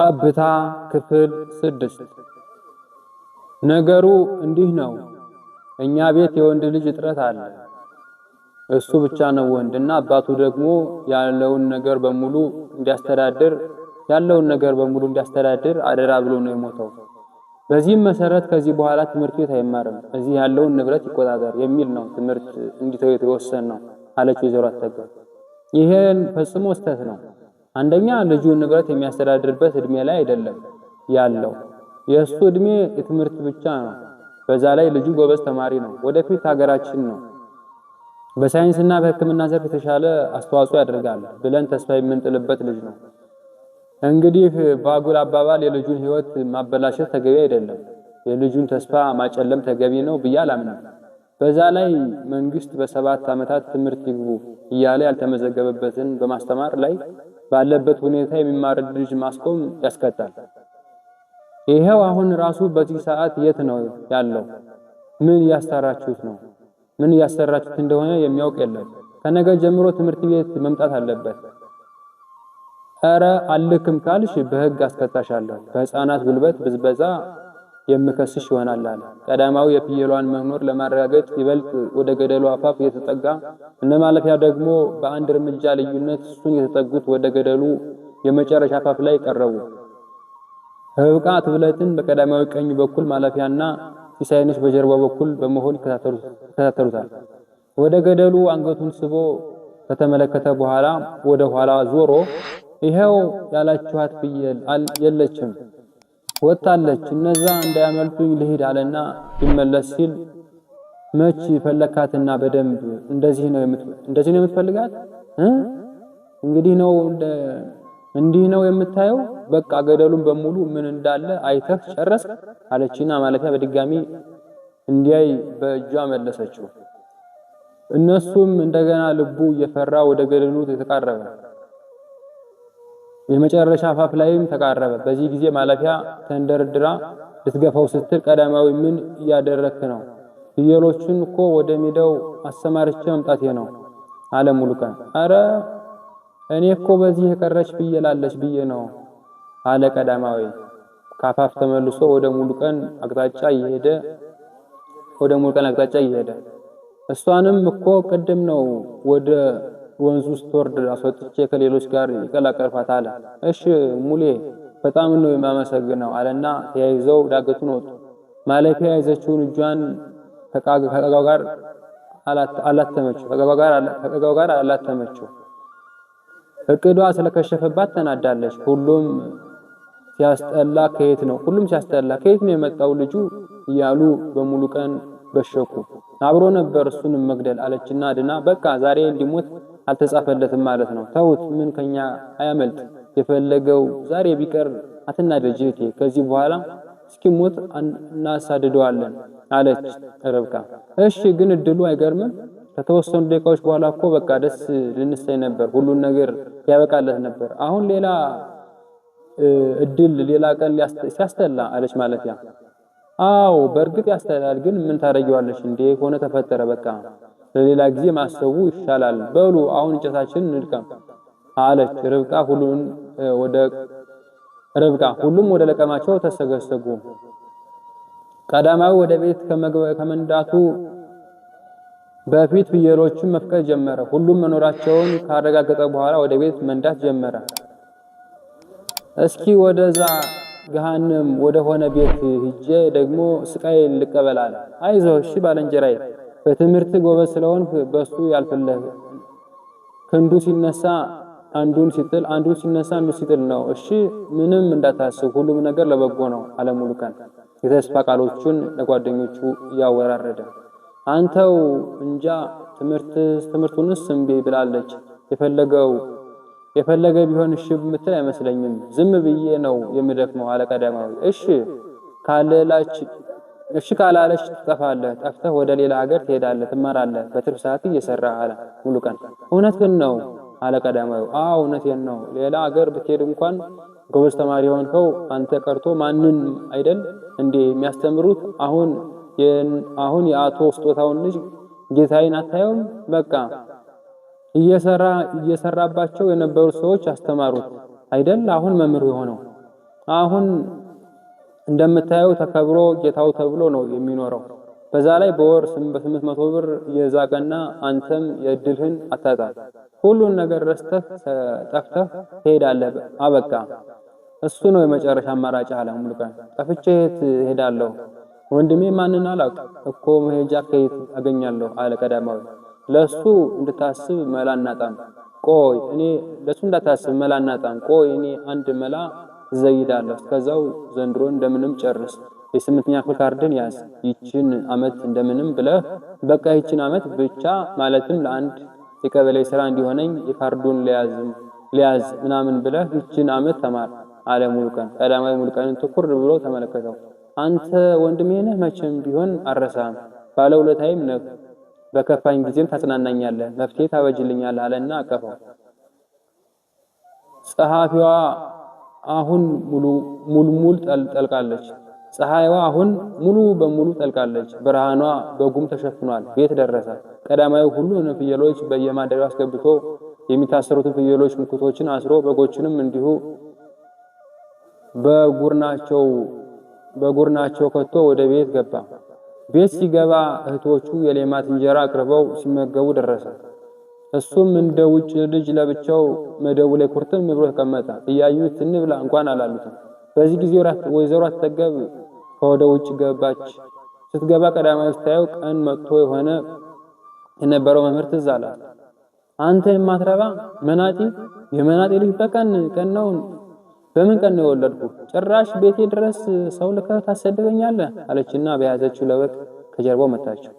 ጠብታ ክፍል ስድስት ነገሩ እንዲህ ነው። እኛ ቤት የወንድ ልጅ እጥረት አለ። እሱ ብቻ ነው ወንድና አባቱ ደግሞ ያለውን ነገር በሙሉ እንዲያስተዳድር ያለውን ነገር በሙሉ እንዲያስተዳድር አደራ ብሎ ነው የሞተው። በዚህም መሰረት ከዚህ በኋላ ትምህርት ቤት አይማርም፣ እዚህ ያለውን ንብረት ይቆጣጠር የሚል ነው ትምህርት እንዲተው የተወሰነ ነው አለች ወይዘሮ አተጋ። ይሄን ፈጽሞ ስተት ነው። አንደኛ ልጁ ንብረት የሚያስተዳድርበት እድሜ ላይ አይደለም ያለው። የእሱ እድሜ የትምህርት ብቻ ነው። በዛ ላይ ልጁ ጎበዝ ተማሪ ነው። ወደፊት ሀገራችን ነው በሳይንስና በሕክምና ዘርፍ የተሻለ አስተዋጽኦ ያደርጋል ብለን ተስፋ የምንጥልበት ልጅ ነው። እንግዲህ በአጉል አባባል የልጁን ህይወት ማበላሸት ተገቢ አይደለም። የልጁን ተስፋ ማጨለም ተገቢ ነው ብዬ አላምንም። በዛ ላይ መንግስት በሰባት ዓመታት ትምህርት ይግቡ እያለ ያልተመዘገበበትን በማስተማር ላይ ባለበት ሁኔታ የሚማርን ልጅ ማስቆም ያስቀጣል። ይሄው አሁን ራሱ በዚህ ሰዓት የት ነው ያለው? ምን እያሰራችሁት ነው? ምን እያሰራችሁት እንደሆነ የሚያውቅ የለም። ከነገ ጀምሮ ትምህርት ቤት መምጣት አለበት። ኧረ አልክም ካልሽ በህግ አስቀጣሻለሁ። በህፃናት ጉልበት ብዝበዛ የምከስሽ ይሆናል አለ። ቀዳማዊ የፍየሏን መኖር ለማረጋገጥ ይበልጥ ወደ ገደሉ አፋፍ እየተጠጋ እነ ማለፊያ ደግሞ በአንድ እርምጃ ልዩነት እሱን የተጠጉት ወደ ገደሉ የመጨረሻ አፋፍ ላይ ቀረቡ። ህብቃ ትብለትን በቀዳማዊ ቀኝ በኩል ማለፊያና ሲሳይነሽ በጀርባው በኩል በመሆን ይከታተሉታል። ወደ ገደሉ አንገቱን ስቦ ከተመለከተ በኋላ ወደ ኋላ ዞሮ ይኸው ያላችኋት ፍየል የለችም ወጣለች። እነዛ እንዳያመልጡኝ ልሂድ አለና ይመለስ ሲል መች ፈለካትና በደንብ እንደዚህ ነው እንደዚህ ነው የምትፈልጋት እንግዲህ ነው እንዲህ ነው የምታየው። በቃ ገደሉን በሙሉ ምን እንዳለ አይተህ ጨረስ አለችና ማለፊያ በድጋሚ እንዲያይ በእጇ መለሰችው። እነሱም እንደገና ልቡ እየፈራ ወደ ገደሉ ተቃረበ። የመጨረሻ አፋፍ ላይም ተቃረበ። በዚህ ጊዜ ማለፊያ ተንደርድራ ልትገፋው ስትል ቀዳማዊ ምን እያደረክ ነው? ፍየሎቹን እኮ ወደ ሜዳው አሰማርቼ መምጣቴ ነው አለ ሙሉ አረ እኔ እኮ በዚህ የቀረች ፍየል አለች ብዬ ነው አለ ቀዳማዊ። ከአፋፍ ተመልሶ ወደ ሙሉ ቀን አቅጣጫ እየሄደ ወደ ሙሉ ቀን አቅጣጫ እየሄደ እሷንም እኮ ቅድም ነው ወደ ወንዙ ስትወርድ አስወጥቼ ከሌሎች ጋር ይቀላቀልፋት አለ። እሺ ሙሌ በጣም ነው የማመሰግነው አለና ተያይዘው ዳገቱን ወጡ። ማለፊያ የያዘችውን እጇን ከጠጋው ጋር አላተመችው ከጠጋው ጋር አላተመችው። እቅዷ ስለከሸፈባት ተናዳለች። ሁሉም ሲያስጠላ ከየት ነው ሁሉም ሲያስጠላ ከየት ነው የመጣው ልጁ እያሉ በሙሉ ቀን በሸኩ አብሮ ነበር እሱንም መግደል አለችና ድና በቃ ዛሬ እንዲሞት አልተጻፈለትም ማለት ነው። ተውት፣ ምን ከኛ አያመልጥ። የፈለገው ዛሬ ቢቀር አትናደጅ እህቴ፣ ከዚህ በኋላ እስኪሞት እናሳድደዋለን አለች ርብቃ። እሺ ግን እድሉ አይገርምም? ከተወሰኑ ደቂቃዎች በኋላ እኮ በቃ ደስ ልንሰኝ ነበር፣ ሁሉን ነገር ያበቃለት ነበር። አሁን ሌላ እድል ሌላ ቀን ሲያስተላ አለች ማለት ያ። አዎ በእርግጥ ያስተላል ግን ምን ታደርጊዋለሽ እንዴ? ሆነ ተፈጠረ በቃ ለሌላ ጊዜ ማሰቡ ይሻላል። በሉ አሁን እንጨታችንን እንድቀም አለች ርብቃ። ሁሉም ወደ ርብቃ ሁሉም ወደ ለቀማቸው ተሰገሰጉ። ቀዳማዊ ወደ ቤት ከመንዳቱ በፊት ፍየሎችን መፍቀድ ጀመረ። ሁሉም መኖራቸውን ካረጋገጠ በኋላ ወደ ቤት መንዳት ጀመረ። እስኪ ወደዛ ገሃነም ወደ ሆነ ቤት ሂጄ ደግሞ ስቃይ ልቀበላል። አይዞ እሺ ባለንጀራዬ በትምህርት ጎበዝ ስለሆንክ በሱ ያልፍልህ። ክንዱ ሲነሳ አንዱን ሲጥል አንዱ ሲነሳ አንዱ ሲጥል ነው። እሺ ምንም እንዳታስብ፣ ሁሉም ነገር ለበጎ ነው። አለሙሉ ቀን የተስፋ ቃሎቹን ለጓደኞቹ ያወራረደ አንተው እንጃ ትምህርት ትምህርቱንስ እምቢ ብላለች። የፈለገው የፈለገ ቢሆን እሺ ምትል አይመስለኝም። ዝም ብዬ ነው የምደክመው አለ ቀዳማዊ። እሺ ካለላች እሺ ካላለሽ ትጠፋለህ። ጠፍተህ ወደ ሌላ ሀገር ትሄዳለህ፣ ትመራለህ። በትርፍ ሰዓት እየሰራ አለ ሙሉ ቀን። እውነትህን ነው አለ ቀዳማዊው። አዎ እውነቴን ነው። ሌላ ሀገር ብትሄድ እንኳን ጎበዝ ተማሪ የሆንከው አንተ ቀርቶ ማንን አይደል እንዴ የሚያስተምሩት? አሁን አሁን የአቶ ስጦታውን ልጅ ጌታዬን አታየውም? በቃ እየሰራ እየሰራባቸው የነበሩት ሰዎች አስተማሩት አይደል? አሁን መምህሩ የሆነው አሁን እንደምታየው ተከብሮ ጌታው ተብሎ ነው የሚኖረው። በዛ ላይ በወር በስምንት መቶ ብር የዛቀና አንተም የእድልህን አታጣል። ሁሉን ነገር ረስተህ ጠፍተህ ትሄዳለህ። አበቃ። እሱ ነው የመጨረሻ አማራጭ አለ ሙሉቀን። ጠፍቼ የት እሄዳለሁ? ወንድሜ ማንን አላውቅ እኮ መሄጃ ከየት አገኛለሁ? አለ ቀዳማዊ። ለሱ እንድታስብ መላ እናጣም። ቆይ እኔ ለሱ እንዳታስብ መላ እናጣም። ቆይ እኔ አንድ መላ ዘይዳለሁ ከዛው ዘንድሮ እንደምንም ጨርስ፣ የስምንተኛ ክፍል ካርድን ያዝ። ይችን አመት እንደምንም ብለህ በቃ ይችን አመት ብቻ ማለትም ለአንድ የቀበሌ ስራ እንዲሆነኝ የካርዱን ሊያዝ ምናምን ብለህ ይችን አመት ተማር አለ ሙሉቀን። ቀዳማዊ ሙሉቀንን ትኩር ብሎ ተመለከተው። አንተ ወንድሜ ነህ፣ መቼም ቢሆን አረሳም፣ ባለውለታይም ነህ። በከፋኝ ጊዜም ታጽናናኛለህ፣ መፍትሄ ታበጅልኛለህ አለና አቀፈው። ጸሐፊዋ አሁን ሙሉ ሙልሙል ጠልቃለች። ፀሐይዋ አሁን ሙሉ በሙሉ ጠልቃለች። ብርሃኗ በጉም ተሸፍኗል። ቤት ደረሰ። ቀዳማዊ ሁሉንም ፍየሎች በየማደሪያው አስገብቶ የሚታሰሩትን ፍየሎች ምክቶችን አስሮ በጎችንም እንዲሁ በጉርናቸው በጉርናቸው ከቶ ወደ ቤት ገባ። ቤት ሲገባ እህቶቹ የሌማት እንጀራ አቅርበው ሲመገቡ ደረሰ። እሱም እንደ ውጭ ልጅ ለብቻው መደቡ ላይ ኩርትም ብሎ ተቀመጠ። እያዩት እንብላ እንኳን አላሉትም። በዚህ ጊዜ ወይዘሮ አትጠገብ ከወደ ውጭ ገባች። ስትገባ ቀዳማዊ ስታየው ቀን መጥቶ የሆነ የነበረው መምህር ትዝ አላት። አንተ የማትረባ መናጢ፣ የመናጢ ልጅ በቀን ቀን ነው በምን ቀን ነው የወለድኩ? ጭራሽ ቤቴ ድረስ ሰው ልከህ ታሰድበኛለህ አለችና በያዘችው ለበቅ ከጀርባው መታችው።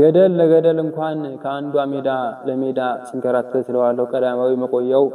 ገደል ለገደል እንኳን ከአንዷ ሜዳ ለሜዳ ሲንከራተት ስለዋለው ቀዳማዊ መቆያው